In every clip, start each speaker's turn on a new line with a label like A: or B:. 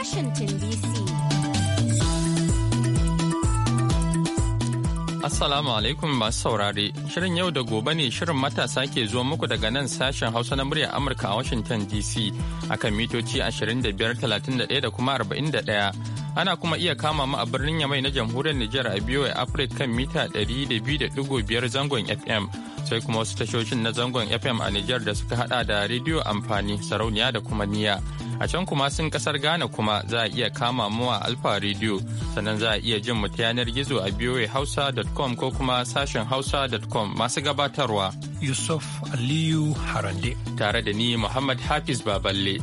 A: Washington DC.
B: Assalamu alaikum masu saurari shirin yau da gobe ne shirin matasa ke zuwa muku daga nan sashen Hausa na murya Amurka a Washington DC akan mitoci 25,31 da kuma 41. Ana kuma iya kama mu a birnin Yamai na jamhuriyar Nijar a biyo a Afirka kan mita 200.5 zangon FM. sai kuma wasu tashoshin na zangon FM a Nijar da suka hada da rediyo amfani sarauniya da kuma niya. a can kuma sun kasar Ghana kuma za a iya kama muwa Alfa Radio sannan za a iya jin mu ta yanar gizo a voahausa.com ko kuma sashen hausa.com masu gabatarwa. Yusuf Aliyu Harande. Tare da ni Muhammad Hafiz Baballe.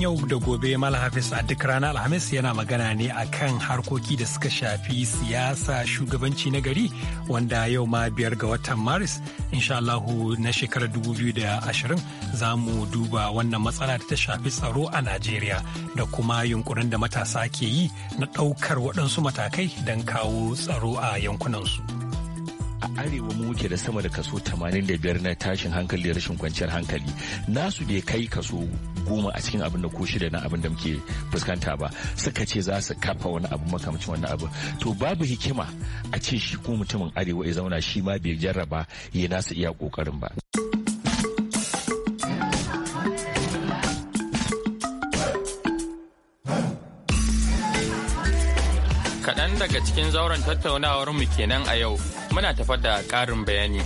C: yau da gobe Malam Hafiz a duk ranar Alhamis yana magana ne a kan harkoki da suka shafi siyasa shugabanci na gari wanda yau ma biyar ga watan Maris insha Allahu na shekarar 2020 za mu duba wannan matsala da ta shafi tsaro a Najeriya da kuma yunkurin da matasa ke yi na ɗaukar waɗansu matakai don kawo tsaro a yankunansu.
D: a arewa mu muke da sama da kaso 85 na tashin hankali da rashin kwanciyar hankali nasu bai kai kaso goma a cikin abin da ko shida na abin da muke fuskanta ba suka ce za su kafa wani abu makamcin wani abu to babu hikima a ce shi ko mutumin arewa ya zauna shi ma bai jarraba ya nasa iya kokarin ba.
B: Kaɗan daga cikin zauren tattaunawar mu kenan a yau muna tafar da ƙarin bayani.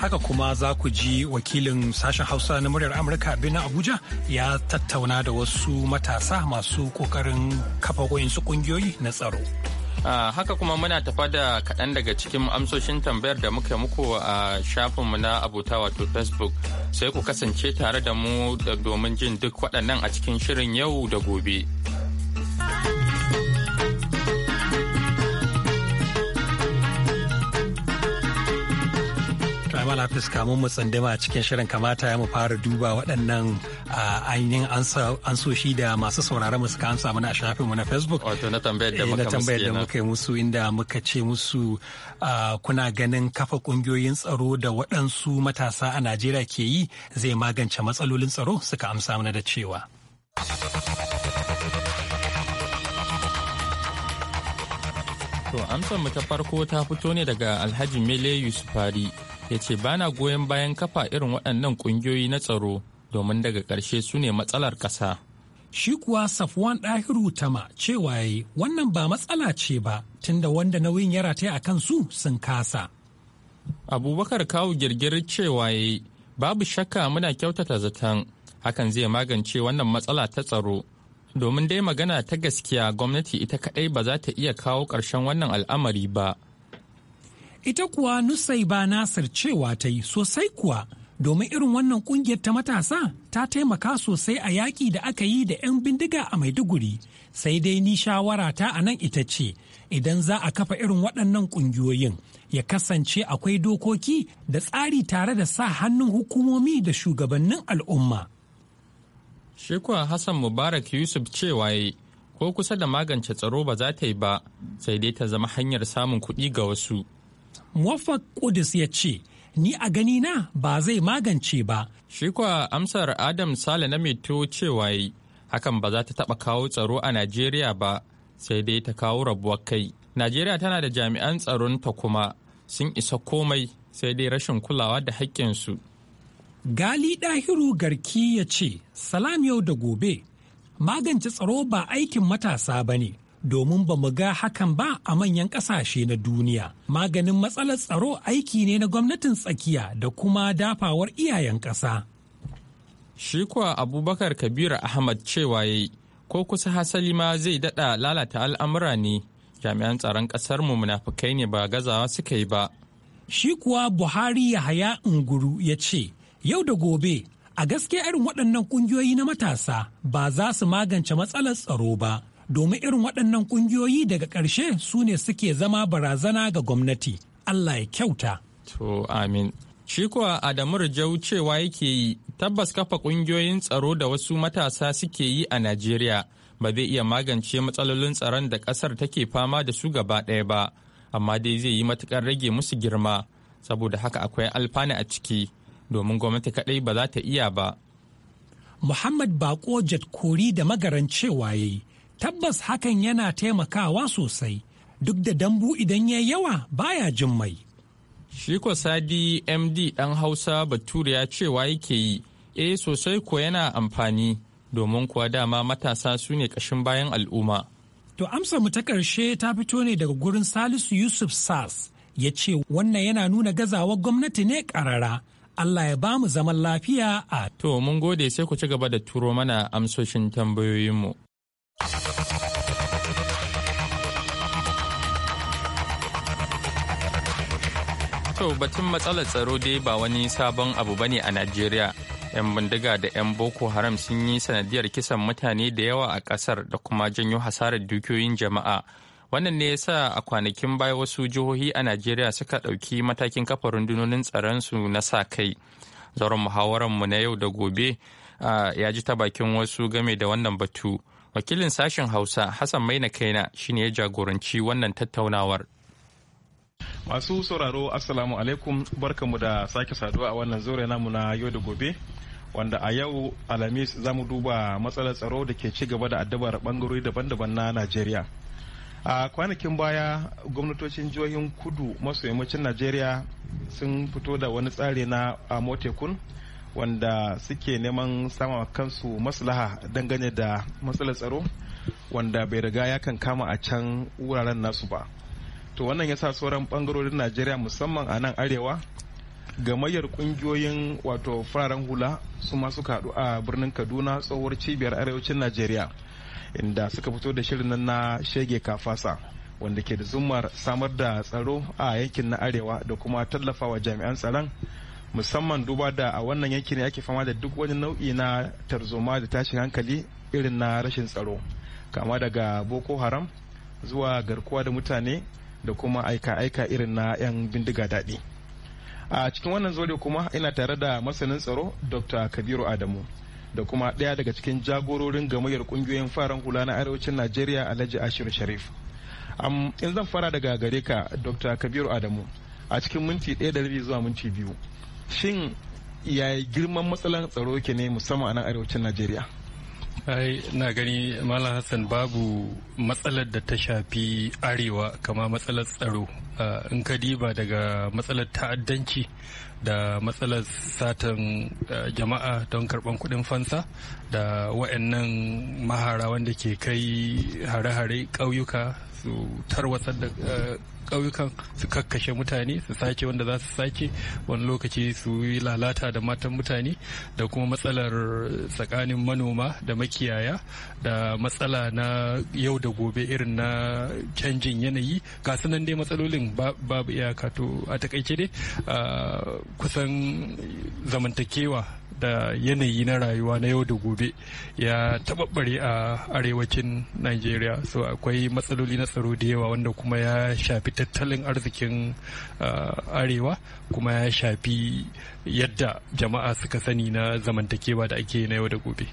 B: haka kuma za ku
C: ji wakilin sashen hausa na muryar amurka birnin abuja ya tattauna da wasu matasa masu kokarin kafa su kungiyoyi na tsaro
B: haka kuma muna tafa da kaɗan daga cikin amsoshin tambayar da muka muku a uh, shafinmu na abuta wato facebook sai ku kasance tare da mu domin jin duk waɗannan a cikin shirin yau da gobe.
C: mana fuska mun tsandama cikin shirin kamata ya mu fara duba waɗannan ainihin ansoshi da masu sauraron suka amsa mana a shafin mu na Facebook.
B: na tambayar da eh, muka
C: musu inda muka ce musu kuna ganin kafa ƙungiyoyin tsaro da waɗansu matasa a Najeriya ke yi zai magance matsalolin tsaro suka amsa mana da cewa.
B: To amsar mu ta farko ta fito ne daga Alhaji Mele Yusufari ya ce ba na goyon bayan kafa irin waɗannan ƙungiyoyi na tsaro domin daga ƙarshe su ne matsalar ƙasa. Shi
C: kuwa Safwan Ɗahiru Tama cewa yayi wannan ba matsala ce ba tunda wanda nauyin ya rataya a su sun kasa.
B: Abubakar kawo girgir cewa yayi babu shakka muna kyautata zaton hakan zai magance wannan matsala ta tsaro domin dai magana ta gaskiya gwamnati ita kaɗai ba za ta iya kawo ƙarshen wannan al'amari ba.
C: Ita kuwa Nusai ba Nasir cewa ta yi sosai kuwa domin irin wannan kungiyar ta matasa ta taimaka sosai a yaƙi da aka yi da 'yan bindiga a Maiduguri. Sai dai ni shawara ta a nan ita ce idan za a kafa irin waɗannan ƙungiyoyin ya kasance akwai dokoki da tsari tare da sa hannun hukumomi da shugabannin al'umma.
B: Shi Hassan Mubarak Yusuf cewa yi, ko kusa da magance tsaro ba za ta yi ba, sai dai ta zama hanyar samun kuɗi ga wasu. Muwaffaq
C: Kudus ya ce, Ni a gani na ba zai
B: magance ba. Shi kuwa amsar Adam Sale na mito cewa yi, hakan ba za ta taɓa kawo tsaro a Najeriya ba, sai dai ta kawo rabuwar kai. Najeriya tana da jami'an tsaron ta kuma sun isa komai sai dai rashin kulawa da haƙƙinsu.
C: Gali Ɗahiru Garki ya ce, Salam yau da gobe, magance tsaro ba aikin matasa ba ne, domin ba mu ga hakan ba a manyan ƙasashe na duniya. Maganin matsalar tsaro aiki ne na gwamnatin tsakiya da kuma dafawar
B: iyayen ƙasa. Shi kuwa Abubakar Kabiru Ahmad cewa yayi ko kusa hasali ma zai daɗa lalata al'amura ne, jami'an tsaron ƙasar mu munafukai ne ba gazawa suka yi ba.
C: Shi kuwa Buhari Yahaya Nguru ya ce, yau da gobe a gaske irin waɗannan ƙungiyoyi na matasa ba za su magance matsalar tsaro ba. domin irin waɗannan ƙungiyoyi daga ƙarshe su ne suke zama barazana ga gwamnati Allah ya kyauta.
B: To amin. Shi kuwa Adamu Rijau cewa yake yi tabbas kafa ƙungiyoyin tsaro da wasu matasa suke yi a Najeriya ba zai iya magance matsalolin tsaron da ƙasar take fama da su gaba ɗaya ba, amma dai zai yi matuƙar rage musu girma, saboda haka akwai alfana a ciki domin gwamnati kaɗai ba za ta iya ba.
C: Muhammad Bako Jatkori da magaran cewa ya yi. tabbas hakan yana taimakawa sosai duk da dambu idan ya yawa baya jin mai.
B: Shiko Sadi MD ɗan Hausa ya cewa yake yi, eh sosai ko yana amfani domin kuwa dama matasa su ne ƙashin bayan al'umma.
C: To amsa mu ta ƙarshe ta fito ne daga gurin Salisu Yusuf Sars ya ce wannan yana nuna gazawar gwamnati ne ƙarara. Allah ya ba mu zaman
B: lafiya a. To mun gode sai ku ci gaba da turo mana amsoshin tambayoyinmu. To batun matsalar tsaro dai ba wani sabon abu bane a Najeriya. 'Yan bindiga da 'yan Boko Haram sun yi sanadiyar kisan mutane da yawa a ƙasar da kuma janyo hasarar dukiyoyin jama'a. Wannan ne yasa a kwanakin baya wasu jihohi a Najeriya suka ɗauki matakin kafa rundunonin tsaronsu na sa kai. Zauren muhawararmu na yau da gobe ya ji ta bakin wasu game da wannan batu. Wakilin sashen Hausa Hassan Maina Kaina shine ya jagoranci wannan tattaunawar.
E: Masu sauraro Assalamu alaikum barkamu da sake saduwa a wannan zaure namu na yau da gobe wanda a yau Alhamis za mu duba matsalar tsaro da ke ci gaba da addabar bangarori daban-daban na Najeriya. A kwanakin baya gwamnatocin jihohin kudu maso yammacin Najeriya sun fito da wani tsari na motekun wanda suke neman sama kansu maslaha dangane da matsalar tsaro wanda bai riga ya kan kama a can wuraren nasu ba. to wannan ya sa sauran bangarorin najeriya musamman a nan arewa gamayyar kungiyoyin wato fararen hula su ma suka haɗu a birnin kaduna tsohuwar cibiyar arewacin najeriya inda suka fito da shirin nan na shege kafasa wanda ke da zumar samar da tsaro a yankin na arewa da kuma tallafawa jami'an tsaron musamman duba da a wannan yankin ne ake fama da duk wani nau'i na tarzoma da tashin hankali irin na rashin tsaro kama daga boko haram zuwa garkuwa da mutane da kuma aika-aika irin na 'yan bindiga daɗi. A cikin wannan zaure kuma ina tare da masanin tsaro Dr. Kabiru Adamu da kuma ɗaya daga cikin jagororin gamayyar ƙungiyoyin faran hula na arewacin Najeriya Alhaji Ashir Sharif. in zan fara daga gare ka Dr. Kabiru Adamu a cikin minti ɗaya da rabi zuwa minti biyu. Shin yaya girman matsalar tsaro ke ne musamman a nan arewacin Najeriya?
F: ai na gani malam hassan babu matsalar da ta shafi arewa kama matsalar tsaro in ka diba daga matsalar ta'addanci da matsalar satan jama'a don karban kudin fansa da wa'annan mahara wanda ke kai hare-hare ƙauyuka su tarwatsar da ƙauyukan su kakkashe mutane su sake wanda za su sake wani lokaci su yi lalata da matan mutane da kuma matsalar tsakanin manoma da makiyaya da matsala na yau da gobe irin na canjin yanayi ga sunan dai matsalolin babu iyaka to a takaice dai kusan zamantakewa da yanayi na rayuwa na yau da gobe ya taɓaɓɓare a arewacin najeriya so akwai matsaloli na tsaro da yawa wanda kuma ya shafi tattalin arzikin uh, arewa kuma ya shafi yadda
E: jama'a suka sani na zamantakewa da ake na yau da gobe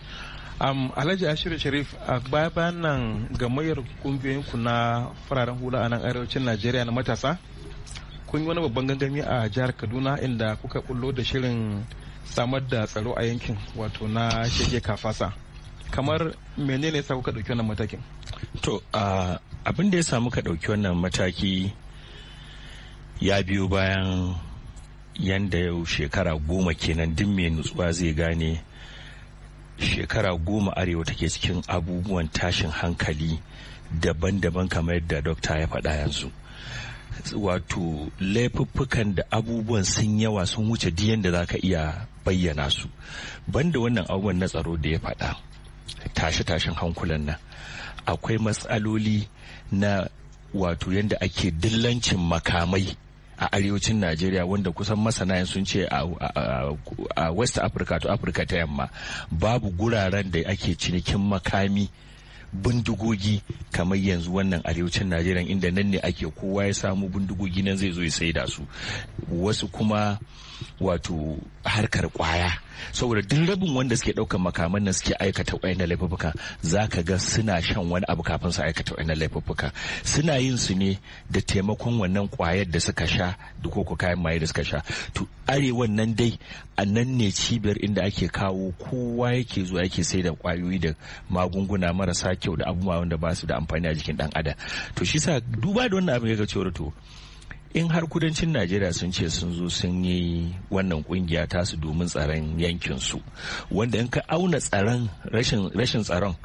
E: um, alhaji ashiru sharif a baya bayan nan gamayyar ku na fararen hula a nan arewacin najeriya na matasa kun yi wani babban gangami a jihar kaduna inda kuka bullo da shirin samar da tsaro a yankin wato na shege kafasa kamar menene sa kuka ɗauki wannan matakin
D: To abin da ya samu ka ɗauki wannan mataki ya biyo bayan yanda yau shekara goma kenan duk mai nutsuwa zai gane shekara goma arewa take cikin abubuwan tashin hankali daban-daban kamar yadda dokta ya faɗa yanzu. wato laifuffukan da abubuwan sun yawa sun wuce duk da za ka iya bayyana su banda wannan abubuwan na tsaro da ya faɗa tashe-tashen hankulan nan akwai matsaloli na wato yadda ake dillancin makamai a arewacin najeriya wanda kusan masana sun ce a west africa to africa ta yamma babu guraren da ake cinikin makami bindigogi kamar yanzu wannan arewacin najeriya inda nan ne ake kowa ya samu bindigogi nan zai zo ya saida su wasu kuma wato harkar kwaya saboda duk rabin wanda suke daukan makaman nan suke aikata wayan laifuffuka zaka ga suna shan wani abu kafin su aikata wayan laifuffuka suna yin su ne da taimakon wannan kwayar da suka sha da koko kayan maye da suka sha to arewan nan dai a nan ne cibiyar inda ake kawo kowa yake zuwa yake sai da kwayoyi da magunguna marasa kyau da abubuwa wanda ba su da amfani a jikin dan adam to shi sa duba da wannan abin ya ga cewa to in har kudancin najeriya sun ce sun zo sun yi wannan kungiya tasu domin tsaron yankinsu wanda in ka auna tsaron rashin tsaron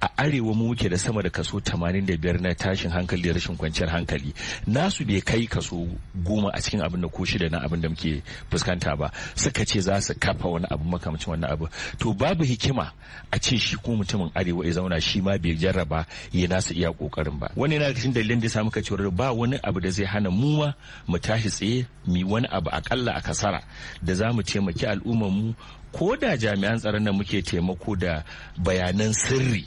D: a arewa mu muke da sama da kaso 85 na tashin hankali da rashin kwanciyar hankali nasu bai kai kaso goma a cikin abin da ko shida na abin da muke fuskanta ba suka ce za su kafa wani abu makamcin wani abu to babu hikima a ce shi ko mutumin arewa ya zauna shi ma bai jarraba ya nasa iya kokarin ba wani yana cikin dalilin da ya samu kacewar ba wani abu da zai hana mu ma mu tashi tsaye mu wani abu akalla a kasara da za mu taimaki al'ummar mu ko da jami'an tsaron nan muke taimako da bayanan sirri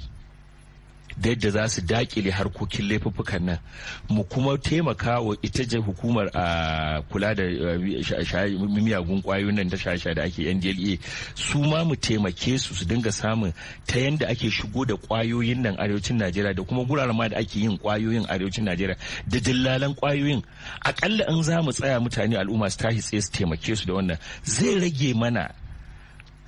D: da yadda za su dakile harkokin laifuffukan nan mu kuma taimaka wa ita je hukumar a kula da miyagun kwayoyin nan ta shasha da ake ndla e. su ma mu taimake su su dinga samun ta yadda ake shigo da kwayoyin nan arewacin najeriya da kuma guraren ma da ake yin kwayoyin arewacin najeriya da dillalan kwayoyin akalla in za mu tsaya mutane al'umma su tashi tsaye su taimake su da wannan zai rage mana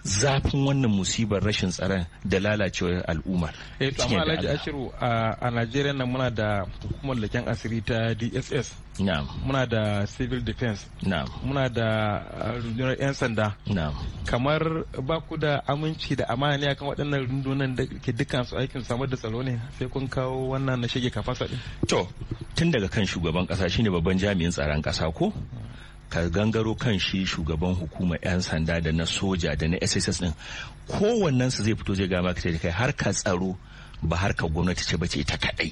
D: zafin wannan musibar rashin tsaron da lalacewar al'umma. Eh,
E: a Najeriya nan muna da hukumar leken asiri ta DSS. Na'am. Muna da civil defense. Na'am. Muna da rundunar 'yan sanda. Na'am. Kamar ba ku da aminci da amana ne akan waɗannan rundunan da ke dukkan su aikin samar da tsaro ne sai kun kawo wannan na shige kafasa din.
D: To tun daga kan shugaban ƙasa shine babban jami'in tsaron ƙasa ko? ka gangaro kan shi shugaban hukumar 'yan sanda da na soja da na sss din su zai fito zai gama ka kai har ka tsaro ba ka gwamnati ce bace ta kadai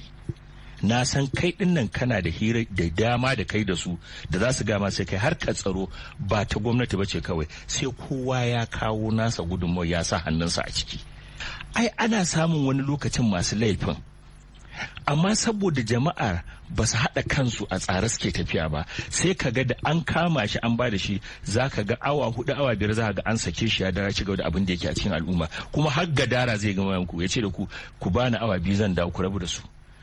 D: na san kai dinnan kana da hira da dama da kai da su da za su gama sai kai har ka tsaro ba ta gwamnati bace kawai sai kowa ya kawo nasa gudunmawar ya sa hannunsa a ciki ai ana samun wani lokacin masu laifin amma saboda jama'a ba su haɗa kansu a tsara suke tafiya ba sai ka ga da an kama shi an ba da shi za ka ga awa hudu awa biyar za ka ga an sake shi ya dara ci da abin da yake a cikin al'umma kuma har ga dara zai gama yanku ya ce da ku ku bani awa biyu zan dawo ku rabu da su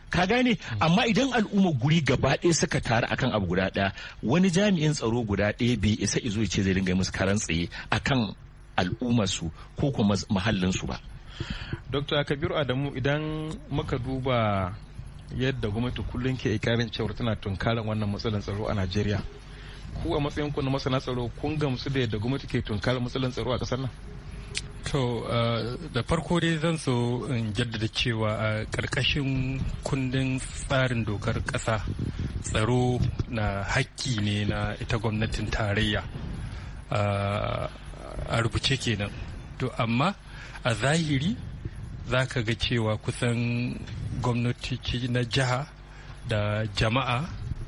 D: ka gane amma idan al'umma guri gaba ɗaya suka taru akan abu guda ɗaya wani jami'in tsaro guda ɗaya bai isa izo ya ce zai dinga yi musu karan tsaye akan al'ummarsu ko kuma mahallinsu ba
E: dr kabiru adamu idan muka duba yadda gwamnati kullum ke ikarin cewar tana tunkarin wannan matsalar tsaro a najeriya ku a matsayin ku na masana tsaro kun gamsu da yadda gwamnati ke tunkarin matsalar tsaro a kasar nan
F: to uh, da farko dai zan so in jaddada cewa a karkashin kundin tsarin dokar ƙasa tsaro na hakki ne na ita gwamnatin tarayya uh, a rubuce kenan to amma a zahiri za ka ga cewa kusan gwamnatici na jiha da jama'a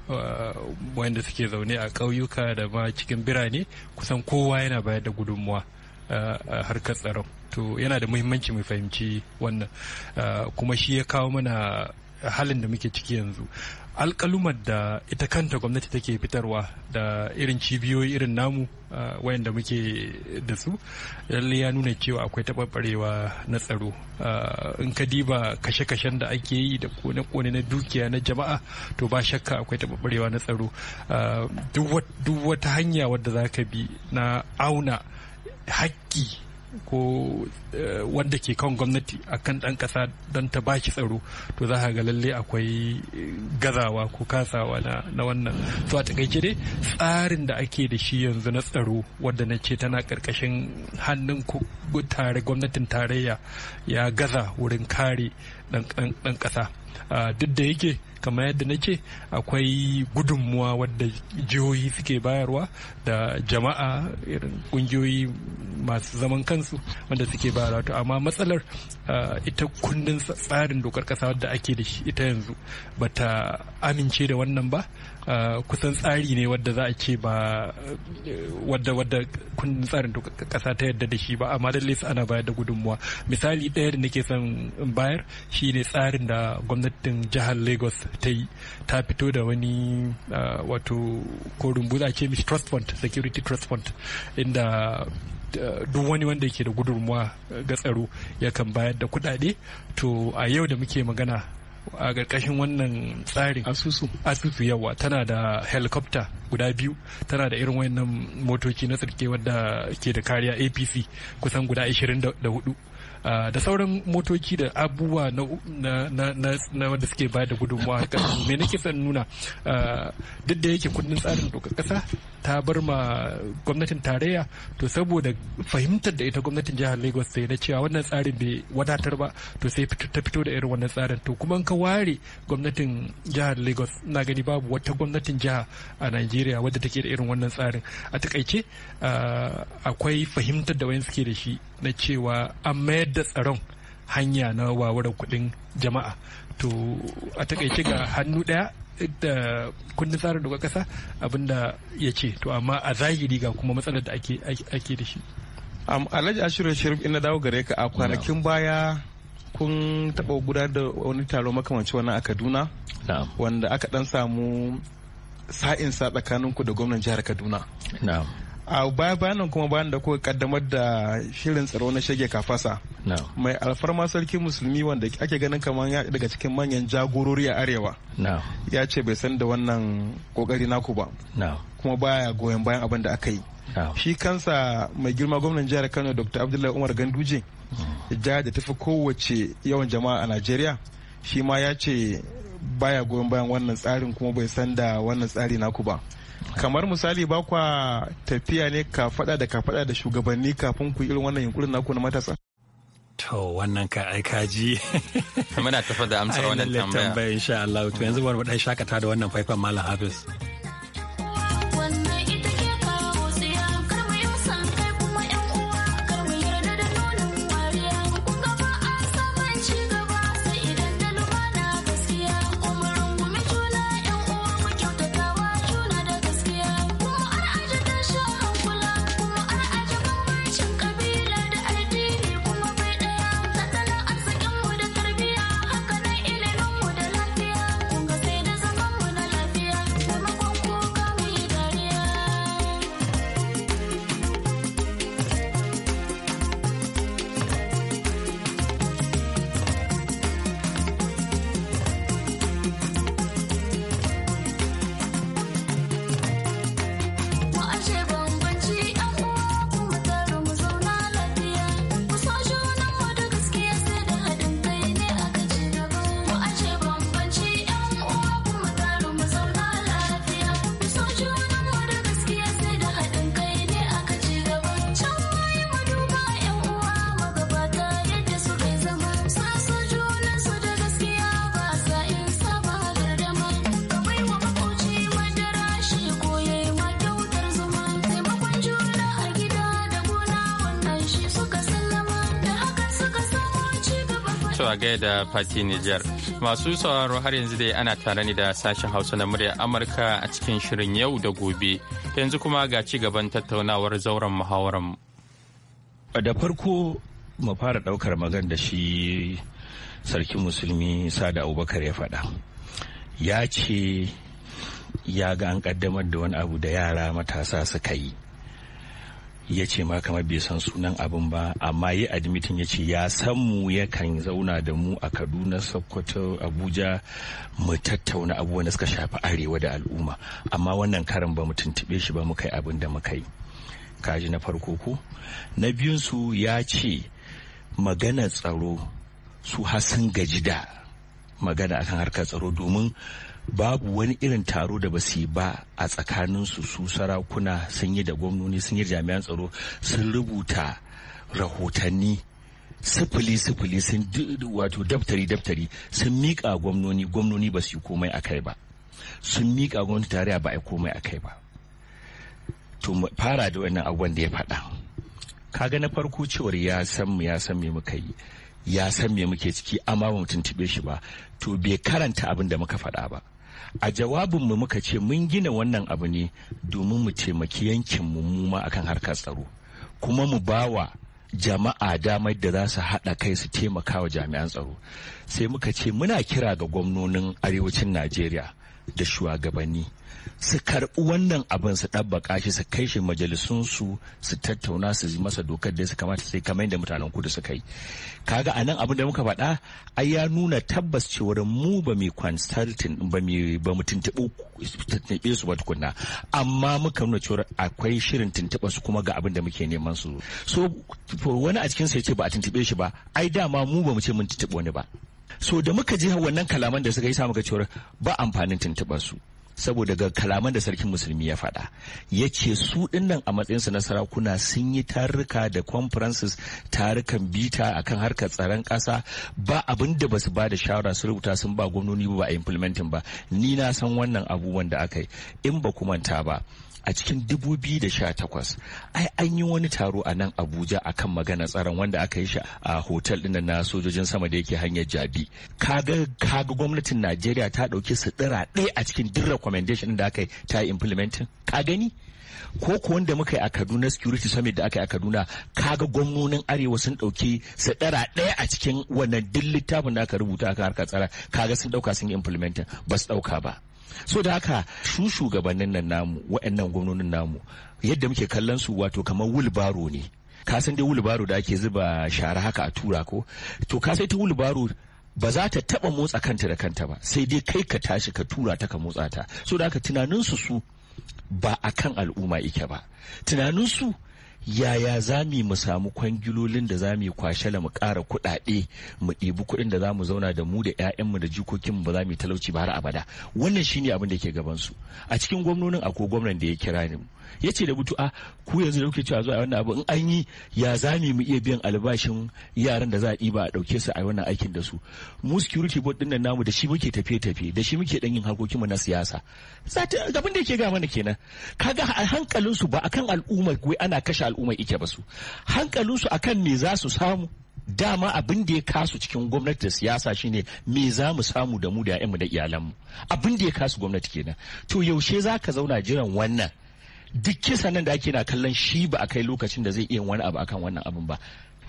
F: uh, wanda suke zaune a ƙauyuka da ma cikin birane kusan kowa yana bayar da gudunmuwa uh, a harkar tsaron to yana da muhimmanci mu fahimci wannan uh, kuma shi ya kawo mana halin da muke ciki yanzu alkalumar da ita kanta gwamnati take fitarwa da irin cibiyoyi irin namu wayanda muke da su lalle ya nuna cewa akwai taɓaɓarewa na tsaro in ka diba kashe-kashen da ake yi da kone-kone na dukiya na jama'a to ba shakka akwai taɓaɓarewa na tsaro duk wata hanya wadda za ka bi na auna haƙƙi. ko eh, wanda ke kan gwamnati a kan ɗan ƙasa don ta baki tsaro to za ga lalle akwai gazawa ko kasawa na wannan to a takaice dai tsarin da ake da shi yanzu na tsaro wadda na ce tana ƙarƙashin hannun tare gwamnatin tarayya ya gaza wurin kare ɗan ƙasa ah, duk da yake kamar yadda na ce akwai gudunmuwa wadda jihohi suke bayarwa da jama'a irin kungiyoyi masu zaman kansu wanda suke bayarwa to amma matsalar eh, ita kundin tsarin dokar kasa wadda ake da shi ita yanzu bata amince da wannan ba Ah, kusan tsari ne wadda za a ce ba wadda wadda kundin tsarin kasa ta yadda da shi ba amma lallai ana bayar da gudunmuwa misali ɗaya da nake son bayar shine tsarin da gwamnatin jihar lagos ta yi ta fito da wani ah, wato ko rumbu ce mishi trust fund security trust fund inda ah, duk wani wanda ke da gudunmuwa ga tsaro yakan bayar da kuɗaɗe to a yau da muke magana a ƙarƙashin wannan tsarin asusu asusu yawa tana da helicopter guda biyu tana da irin wayannan motoci na tsirke da ke da kariya apc kusan guda 24 Ah, da sauran motoci da abubuwa na na wanda suke bayar da gudunmawa kasan me nake son nuna ah, duk da yake kundin tsarin doka kasa ta bar ma gwamnatin tarayya to saboda fahimtar da ita gwamnatin jihar lagos sai na cewa wannan tsarin bai wadatar ba to sai ta fito da irin wannan tsarin to kuma ka ware gwamnatin jihar lagos na gani babu wata gwamnatin jiha a najeriya wadda take da irin wannan tsarin a takaice ah, akwai fahimtar da wayan suke da shi na cewa an mayar da tsaron hanya na wawara kuɗin jama'a to a takaice ga hannu daya da kundin tsarin doka ƙasa abinda ya ce to amma a zahiri ga kuma matsalar da ake da shi
E: alhaji ashirin sharif ina dawo gare ka a kwanakin baya kun taba gudanar da wani taro makamanci wannan a kaduna wanda aka ɗan samu sa'insa tsakaninku da gwamnan jihar kaduna a baya bayanan kuma bayan da kuka kaddamar da shirin tsaro na shege kafasa mai alfarma sarki musulmi wanda ake ganin kamar ya daga cikin manyan jagorori a arewa ya ce bai san da wannan kokari naku ba kuma baya goyon bayan abin da aka yi shi kansa mai girma gwamnan jihar kano dr abdullahi umar ganduje jihar mm. da tafi kowace yawan jama'a a najeriya shi ma ya ce baya goyon bayan wannan tsarin kuma bai san da wannan tsari naku ba kamar misali ba kwa tafiya ne ka fada da ka fada da shugabanni
C: kafin ku irin wannan yunkurin naku na matasa To wannan ka ai kaji.
B: Muna tafa da amsar wannan tambaya.
C: Ai insha Allah. To yanzu bari mu dan shakata da wannan faifan Malam Hafiz.
B: zagaya da Fati Nijar. Masu sauraro har yanzu dai ana tare ni da sashen Hausa na muryar Amurka a cikin shirin yau da gobe. Yanzu kuma ga ci gaban tattaunawar zauren muhawaran.
D: Da farko mu fara daukar magan da shi sarki musulmi Sada Abubakar ya faɗa. Ya ce ya ga an kaddamar da wani abu da yara matasa suka yi. ya ce ma kamar bai san sunan abin ba amma ya admitin ya ce ya san mu yakan zauna da mu a kaduna sokoto abuja mu tattauna abubuwan da suka shafi arewa da al'umma amma wannan karin ba mu tuntube shi ba mu kai abin da mu kai kaji na farko ko na biyunsu ya ce magana tsaro su har sun gaji da magana akan harkar tsaro domin babu wani irin taro da ba su yi ba a tsakaninsu su sarakuna sun yi da gwamnoni sun yi jami'an tsaro sun rubuta rahotanni sifili sifili sun wato daftari daftari sun miƙa gwamnoni gwamnoni ba su yi komai a kai ba sun miƙa gwamnati tarayya ba a yi komai a kai ba to fara da wannan abubuwan da ya faɗa kaga na farko cewar ya san mu ya san me muka yi ya san me muke ciki amma ba mu tuntube shi ba to bai karanta abin da muka faɗa ba a jawabinmu muka ce mun gina wannan abu ne domin mu taimaki yankin mu ma akan harkar tsaro kuma mu bawa jama'a damar da za su haɗa kai su taimaka wa jami'an tsaro sai muka ce muna kira ga gwamnonin arewacin najeriya da shugabanni su karɓi wannan abin su ɗabbaka shi su kai shi majalisunsu su tattauna su yi masa dokar da su kamata sai kamar yadda mutanen kudu suka yi kaga a nan abin da muka faɗa ai ya nuna tabbas cewar mu ba mu consulting ba mu ba mu tuntuɓe su ba tukunna amma muka nuna cewar akwai shirin tuntuɓa su kuma ga abin da muke neman su so wani a cikin sai ce ba a tuntuɓe shi ba ai dama mu ba mu ce mun tuntuɓe wani ba so da muka ji wannan kalaman da suka yi sa muka cewar ba amfanin tuntuɓa su saboda ga kalaman da sarkin musulmi ya faɗa ya ce su dinnan a matsayinsu na sarakuna sun yi taruka da conferences tarukan bita akan harkar tsaron ƙasa ba abin da ba su ba da shawara su rubuta sun ba gwamnoni ba a implementing ba ni na san wannan abubuwan da aka yi in ba ta ba a cikin 2018 ai an yi wani taro a nan abuja akan magana tsaron wanda aka yi shi a hotel ɗin na sojojin sama da yake hanyar jabi kaga kaga gwamnatin najeriya ta ɗauki su ɗira ɗaya a cikin duk recommendation da aka yi ta implementing ka gani ko ko wanda muka yi a Kaduna Security Summit da aka yi a Kaduna kaga gwamnonin Arewa sun dauki sadara ɗaya a cikin wannan duk littafin da aka rubuta aka harkar tsara kaga sun ɗauka sun implementing ba su ɗauka ba so da haka su shugabannin nan namu waɗannan gwamnonin namu yadda muke kallon su wato kamar wulbaro ne ka san dai wulbaro da ake zuba shara haka a tura ko to ka sai ta wulbaro ba za ta taba motsa kanta da kanta ba sai dai kai ka tashi ka tura ta ka motsa ta so da haka tunaninsu su ba akan al'umma yake ba tunanin su yaya za mu mu samu kwangilolin da za mu kwashela mu kara kuɗaɗe mu ɗibi kuɗin da za mu zauna da mu da 'ya'yanmu da jikokinmu ba za mu yi talauci ba har abada wannan shine abin da ke gabansu a cikin gwamnonin akwai gwamnan da ya kira ni ya ce da butu a ah, ku yanzu da kuke cewa zuwa wannan abu in an yi ya za mu iya biyan albashin yaran da za a ɗiba a ɗauke su a wannan aikin da su mu security board ɗin nan namu da shi muke tafiye-tafiye da shi muke ɗan yin harkokinmu na siyasa abin da yake ga mana kenan kaga a hankalinsu ba akan al'umma wai ana kashe al'ummar ike ba su hankalinsu akan me za su samu dama abin da ya kasu cikin gwamnati da siyasa shine me za mu samu da mu da 'yanmu da iyalanmu abin da ya kasu gwamnati kenan to yaushe za ka zauna jiran wannan duk kisa nan da ake na kallon shi ba a kai lokacin da zai iya wani abu akan wannan abin ba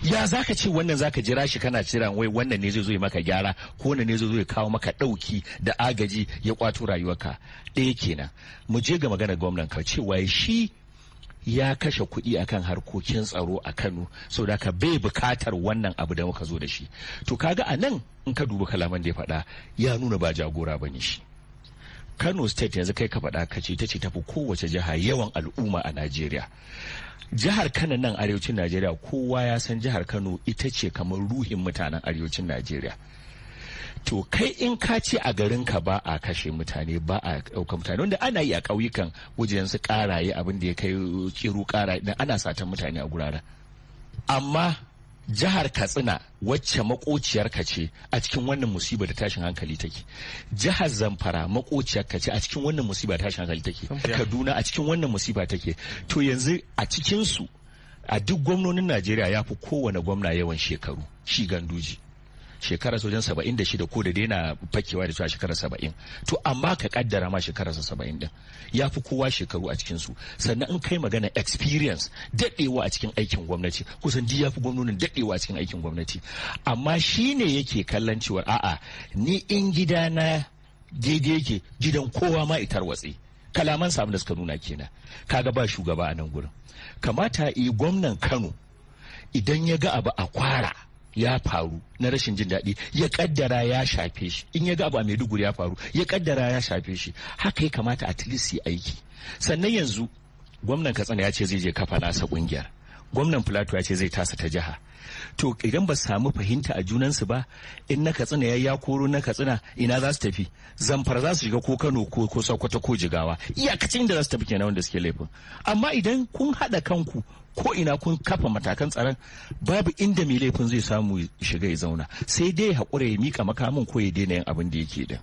D: ya za ka ce wannan za ka jira shi kana jiran wai wannan ne zai zo ya maka gyara ko wannan ne zai zo ya kawo maka ɗauki da agaji ya kwato rayuwarka ɗaya kenan mu je ga maganar gwamnan ka cewa shi ya kashe kuɗi akan harkokin tsaro a Kano saboda ka bai bukatar wannan abu da muka zo da shi to kaga a nan in ka duba kalaman da ya faɗa ya nuna ba jagora bane shi Kano state yanzu kai ka faɗa ka ce ta ce tafi kowace jiha yawan al'umma a Najeriya jihar Kano nan arewacin Najeriya kowa ya san jihar Kano ita ce kamar ruhin mutanen arewacin Najeriya to kai in ka ce a garin ka ba a kashe mutane ba a ɗaukar mutane wanda ana yi a ƙauyukan wajen su ƙaraye abin da ya kai kiru ƙara dan ana satan mutane a guraren amma jihar katsina wacce ka ce a cikin wannan musiba da tashin hankali take jihar zamfara ka ce a cikin wannan musiba tashin hankali take kaduna a cikin wannan musiba take to yanzu a cikinsu a duk gwamnonin najeriya ya fi kowane gwamna yawan shekaru shi ganduji shekara sojan saba'in da shida ko da daina fakewa da cewa shekara saba'in to amma ka kaddara ma sa saba'in din ya fi kowa shekaru a cikinsu sannan in kai magana experience daɗewa a cikin aikin gwamnati kusan ji ya fi gwamnonin daɗewa a cikin aikin gwamnati amma shi ne yake kallon cewa a'a ni in gida na daidai yake gidan kowa ma itar watsi kalaman samu da suka nuna kenan kaga ba shugaba a nan gurin kamata i gwamnan kano idan ya ga abu a kwara ya faru na rashin jin daɗi ya kaddara ya shafe shi in ya ga abu a maiduguri ya faru ya kaddara ya shafe shi haka ya kamata a tilisi yi aiki sannan yanzu gwamnan katsina ya ce zai je kafa nasa kungiyar gwamnan filato ya ce zai tasa ta jiha to idan ba samu fahimta a junansu ba in na katsina ya ya koro na katsina ina za su tafi zamfara za su shiga ko kano ko ko sokoto ko jigawa iyakacin da za su tafi kenan wanda suke laifin amma idan kun haɗa kanku ko ina kun kafa matakan tsaron babu inda mai laifin zai samu shiga ya zauna sai dai haƙura ya mika makamin ko ya daina yin abin da yake da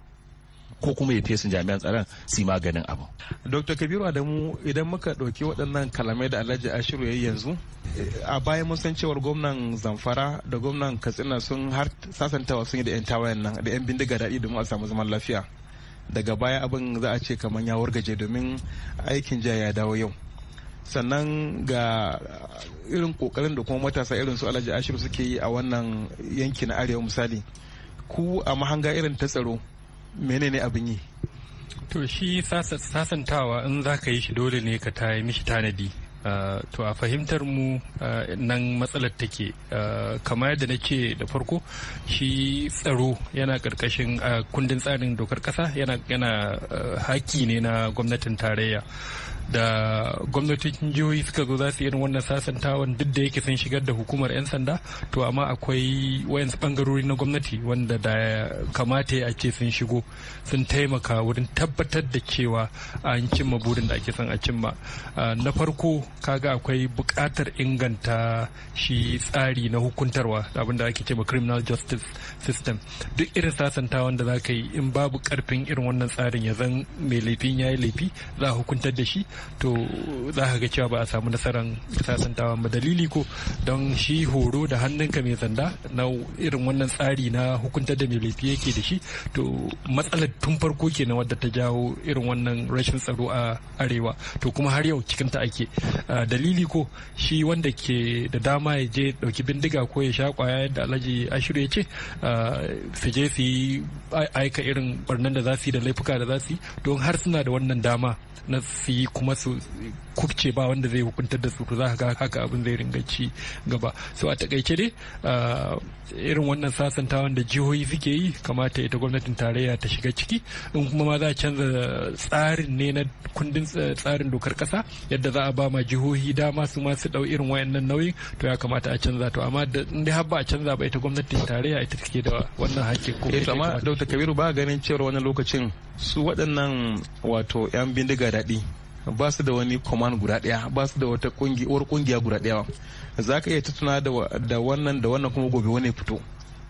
D: ko kuma ya fesa jami'an tsaron su maganin abu.
E: Dr. Kabiru Adamu idan muka ɗauki waɗannan kalamai da Alhaji Ashiru ya yanzu a baya mun san cewar gwamnan Zamfara da gwamnan Katsina sun har sasantawa sun yi da 'yan tawayen nan da 'yan bindiga daɗi domin a samu zaman lafiya. Daga baya abin za a ce kamar ya wargaje domin aikin jiya ya dawo yau. sannan ga uh, irin kokarin da kuma matasa irin su alhaji ashiru suke yi a wannan yanki na arewa misali ku a mahanga irin ta tsaro menene abin yi
F: to shi sasantawa in za ka yi shi dole ne ka ta mishi tanadi uh, to a fahimtar mu uh, nan matsalar take kamar yadda na ce da farko shi tsaro yana karkashin kundin tsarin dokar kasa yana haki ne na gwamnatin tarayya da gwamnatocin jihohi suka zo za su irin wannan sasantawan duk da yake sun shigar da hukumar 'yan sanda to amma akwai wayansu bangarori na gwamnati wanda da kamata a ce sun shigo sun taimaka wurin tabbatar da cewa an cimma burin da ake son a cimma ah, na farko kaga akwai buƙatar inganta shi tsari na hukuntarwa abin da ake cewa criminal justice system duk irin sasantawan da za ka yi in babu karfin irin wannan tsarin ya zan mai laifin ya yi laifi za a hukuntar da shi to za ka ga cewa ba a samu nasarar sasantawa ba dalili ko don shi horo da hannun ka mai zanda na irin wannan tsari na hukuntar da mai laifi yake da shi to matsalar tun farko ke na wadda ta jawo irin wannan rashin tsaro a arewa to kuma har yau cikin ta ake dalili ko shi wanda ke da dama ya je dauki bindiga ko ya sha kwaya yadda alhaji ashiru ya ce su je su yi aika irin barnan da za su yi da laifuka da za su yi don har suna da wannan dama na su yi kuma su kubce ba wanda zai hukuntar da su to za ka ga haka abin zai ringa ci gaba so a takaice dai ah, irin wannan sasantawan da jihohi suke yi kamata ita gwamnatin tarayya ta shiga ciki in kuma ma za a canza tsarin ne na kundin eh, tsarin dokar kasa yadda za a ba ma jihohi dama su ma su dau irin wayannan nauyin to ya kamata a canza to amma da in dai har ba a canza ba ita gwamnatin tarayya ita take da wannan hakki ko eh amma Dr.
E: Kabiru ba ganin cewa wani lokacin su waɗannan wato yan bindiga daɗi ba su da wani command guda daya ba su da wata kungiyar kungiya guda daya za ka iya tattuna da wannan da wannan kuma gobe wani fito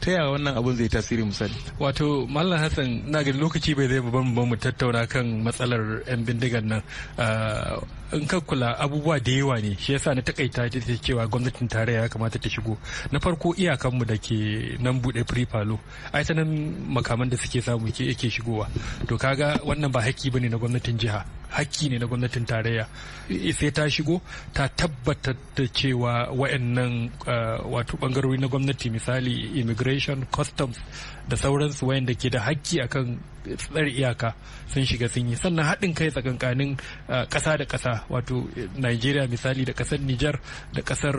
E: ta yaya wannan abin zai tasiri misali
F: wato mallam hassan na ga lokaci bai zai ban mu tattauna kan matsalar yan bindigan nan ah, in ka kula abubuwa da yawa ne shi yasa na takaita ta cewa gwamnatin tarayya ya kamata ta shigo na farko iyakanmu da ke nan bude free palo ai sanan makaman da suke samu ke yake shigowa to kaga wannan ba haƙƙi bane na gwamnatin jiha hakki ne na gwamnatin tarayya sai ta shigo ta tabbatar da cewa wayannan eh, wato bangarori na gwamnati misali immigration customs da sauransu wayanda ke da hakki akan tsare iyaka sun shiga sun yi sannan haɗin kai tsakankanin uh, ƙasa da ƙasa wato nigeria misali da ƙasar niger da ƙasar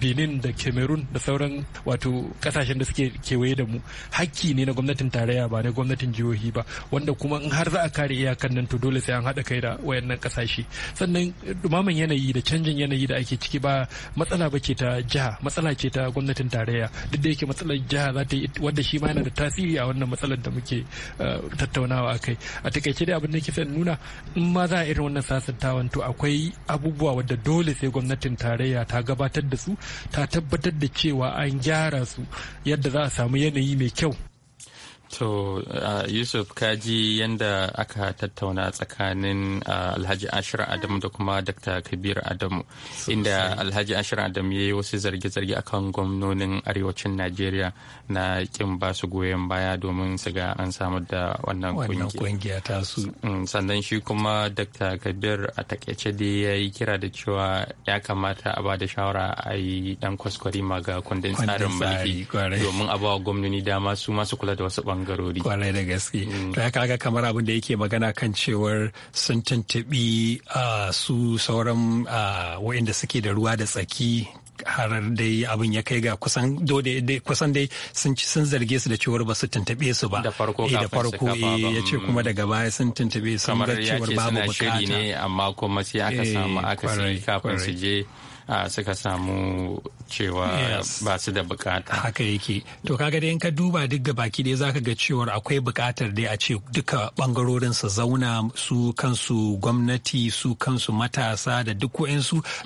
F: benin da cameroon da sauran wato ƙasashen da suke kewaye da mu hakki ne na gwamnatin tarayya ba na gwamnatin jihohi ba wanda kuma in har za a kare iyakan nan to dole sai an haɗa kai da wayannan ƙasashe sannan dumaman yanayi da canjin yanayi da ake ciki ba matsala ba ce ta jiha matsala ce ta gwamnatin tarayya duk da yake matsalar jiha za ta yi wadda shi ma yana da tasiri a wannan matsalar da muke uh, tattaunawa a kai a takaice dai abin da kisan nuna in ma za a irin wannan sasantawan to akwai abubuwa wadda dole sai gwamnatin tarayya ta gabatar da su ta tabbatar da cewa an gyara su yadda za a samu yanayi mai kyau
B: To uh, Yusuf ji yadda aka tattauna tsakanin uh, Alhaji Ashir Adamu da kuma Dr. Kabir Adamu inda Alhaji Ashir Adamu ya yi wasu zarge-zarge akan gwamnonin arewacin Najeriya na kin ba su goyon baya domin su ga an samar da wannan
C: kungiya ta su.
B: Mm, sannan shi kuma Dr. Kabir a takaice da ya yi kira da cewa ya kamata a ba da shawara a yi dan ma ga kundin tsarin mulki domin a bawa gwamnoni dama su masu kula da wasu bangare. bangarori kwarai
C: da gaske da mm. kaga kamar abin da yake magana kan cewar sun tuntubi su sauran waɗanda suke da ruwa da tsaki har dai abin ya kai ga kusan dai kusan dai sun ci sun zarge su da cewar ba su tuntube su ba
B: da farko eh, da farko eh, ya ce
C: kuma mm. daga baya sun tuntube su kamar ya ce suna shiri ne
B: amma kuma sai aka samu eh, aka sai kafin su je a suka samu cewa ba su da bukata haka yake
C: to kaga dai in ka duba duk gabaki dai zaka ga cewar akwai bukatar dai a ce duka bangarorin su zauna su kansu gwamnati su kansu matasa da duk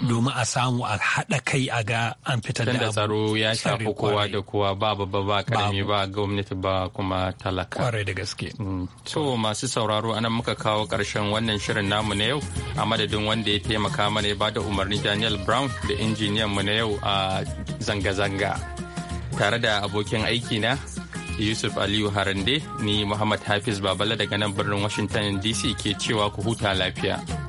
C: domin a samu a haɗa kai a ga an
B: fitar da abu tsaro ya shafi kowa da kowa ba ba ba karami ba gwamnati ba kuma talaka kwarai da gaske mm. to masu sauraro anan muka kawo karshen wannan shirin namu na yau a madadin wanda ya taimaka mana ya bada umarni Daniel Brown da injiniyan mu na yau a zanga-zanga. Tare da abokin aiki na Yusuf Aliyu Harande ni Muhammad Hafiz Babala daga nan birnin Washington DC ke cewa ku huta lafiya.